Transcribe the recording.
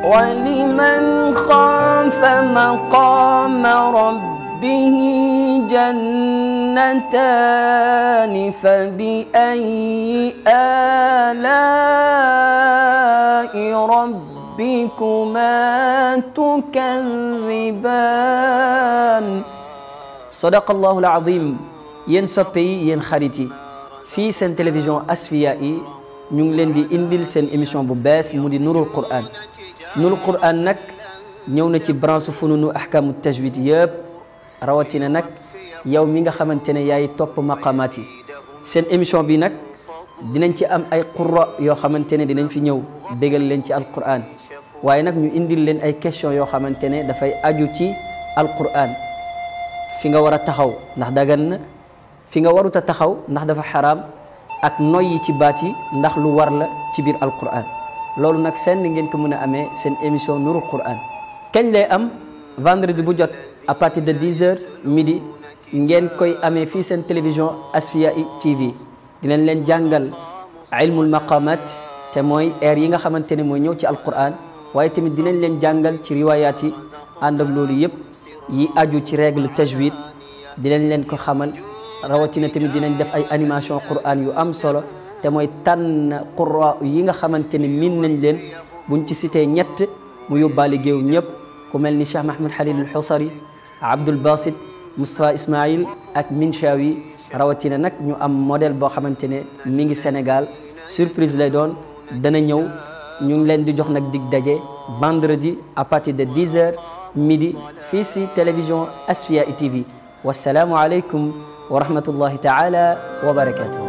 ولمن خاف مقام ربه جنتان فبأي آلاء ربكما تكذبان صدق الله العظيم ين سبي ين خارجي في سن تلفزيون أسفيائي نيون لندي إنديل سن إميشون بو بس مودي نور القرآن نو القران نك نيونا تي برانسو فنونو احكام التجويد ياب رواتينا نك ياو ميغا خامتيني ياي توب مقاماتي سين ايميشن بي نك دينن تي ام اي قراء يو خامتيني دينن في نيو ديغال لين تي القران واي نك ني انديل لين اي كيسيون يو خامتيني دا فاي اديو تي القران فيغا ورا تاخاو ناخ داغان فيغا ورو تا تاخاو ناخ دا فا حرام اك نوي تي باتي ناخ لو وار لا تي بير القران lolou nak fenn ngeen ko meuna amé sen émission nurul Qur'an kagn lay am vendredi bu jot à partir de 10h midi ngeen koy amé fi sen télévision Asfiyahi TV dinañ len jàngal ilmul maqamat te moy air yi nga xamanteni moy ñëw ci alquran waye tamit dinañ len jàngal ci riwaayaat yi ànd ak lolou yëpp yi aju ci règle tajwid dinañ len ko xamal rawati na tamit dinañ def ay animation Qur'an yu am solo te mooy tànn qurra yi nga xamante ni miin nañ leen buñ ci cité ñett mu yóbbaale géew ñëpp ku mel ni Cheikh Mahamad Xalil Alxusari Abdul Basit Moustapha Ismail ak Minchawi rawatina nag ñu am modèle boo xamante ne mi ngi Sénégal surprise lay doon dana ñëw ñu ngi leen di jox nag dig daje vendredi à partir de 10h midi fii si télévision Asfiyahi TV wasalaamu aleykum wa rahmatullahi taala wa barakatu